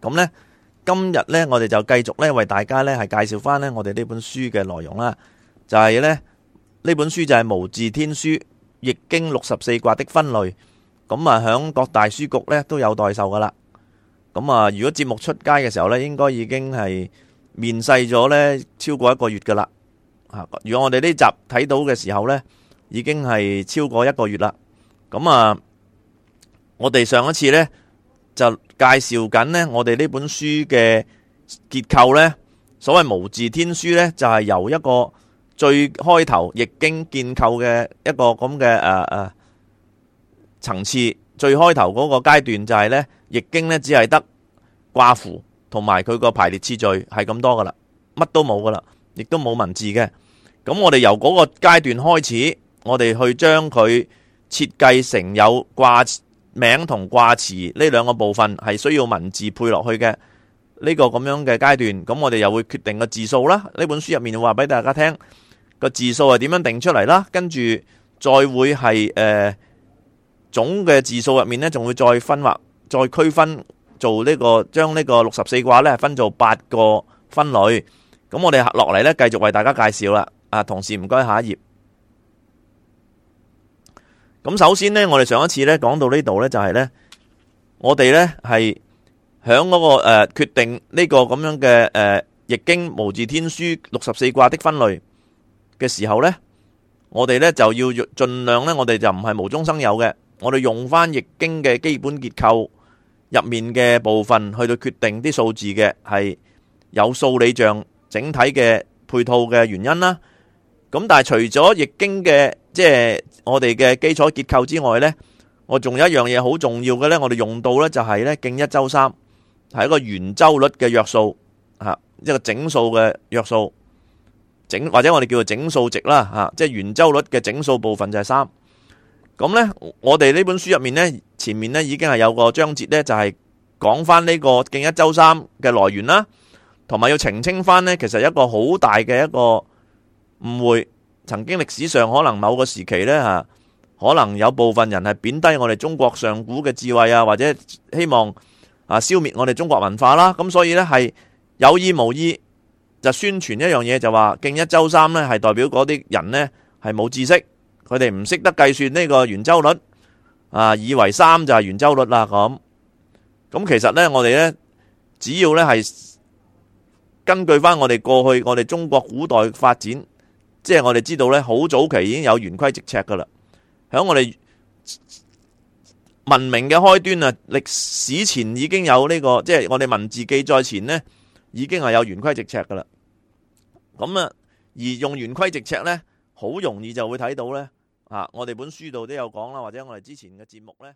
咁呢，今日呢，我哋就繼續呢，為大家呢，係介紹翻呢，我哋呢本書嘅內容啦。就係呢，呢本書就係、是《無字天書》，易經六十四卦的分類。咁啊，響各大書局呢，都有代售噶啦。咁啊，如果節目出街嘅時候呢，應該已經係面世咗呢，超過一個月噶啦。如果我哋呢集睇到嘅時候呢，已經係超過一個月啦。咁啊，我哋上一次呢。就介紹緊呢，我哋呢本書嘅結構呢，所謂無字天書呢，就係、是、由一個最開頭易經建構嘅一個咁嘅誒誒層次。最開頭嗰個階段就係、是、呢，易經呢只係得卦符同埋佢個排列次序係咁多噶啦，乜都冇噶啦，亦都冇文字嘅。咁我哋由嗰個階段開始，我哋去將佢設計成有卦名同卦辭呢兩個部分係需要文字配落去嘅呢、這個咁樣嘅階段，咁我哋又會決定個字數啦。呢本書入面就話俾大家聽個字數係點樣定出嚟啦，跟住再會係誒、呃、總嘅字數入面呢，仲會再分劃、再區分做呢、這個將呢個六十四卦呢分做八個分類。咁我哋落嚟呢，繼續為大家介紹啦。啊，同事唔該下一頁。咁首先呢，我哋上一次呢講到呢度呢，就係呢，我哋呢係響嗰個誒決定呢個咁樣嘅誒易經無字天書六十四卦的分類嘅時候呢，我哋呢就要盡量呢，我哋就唔係無中生有嘅，我哋用翻易經嘅基本結構入面嘅部分去到決定啲數字嘅係有數理象整體嘅配套嘅原因啦。咁但係除咗易經嘅。即係我哋嘅基礎結構之外呢，我仲有一樣嘢好重要嘅呢，我哋用到呢就係呢，徑一周三係一個圓周率嘅約數，吓一個整數嘅約數，整或者我哋叫做整數值啦，吓即係圓周率嘅整數部分就係三。咁呢，我哋呢本書入面呢，前面呢已經係有個章節呢，就係講翻呢個徑一周三嘅來源啦，同埋要澄清翻呢，其實一個好大嘅一個誤會。曾經歷史上可能某個時期咧吓，可能有部分人係貶低我哋中國上古嘅智慧啊，或者希望啊消滅我哋中國文化啦，咁所以咧係有意無意就宣傳一樣嘢，就話徑一周三咧係代表嗰啲人咧係冇知識，佢哋唔識得計算呢個圓周率啊，以為三就係圓周率啦咁。咁其實咧我哋咧只要咧係根據翻我哋過去我哋中國古代發展。即係我哋知道咧，好早期已經有圓規直尺噶啦，喺我哋文明嘅開端啊，歷史前已經有呢個，即係我哋文字記載前呢，已經係有圓規直尺噶啦。咁啊，而用圓規直尺呢，好容易就會睇到呢。啊，我哋本書度都有講啦，或者我哋之前嘅節目呢。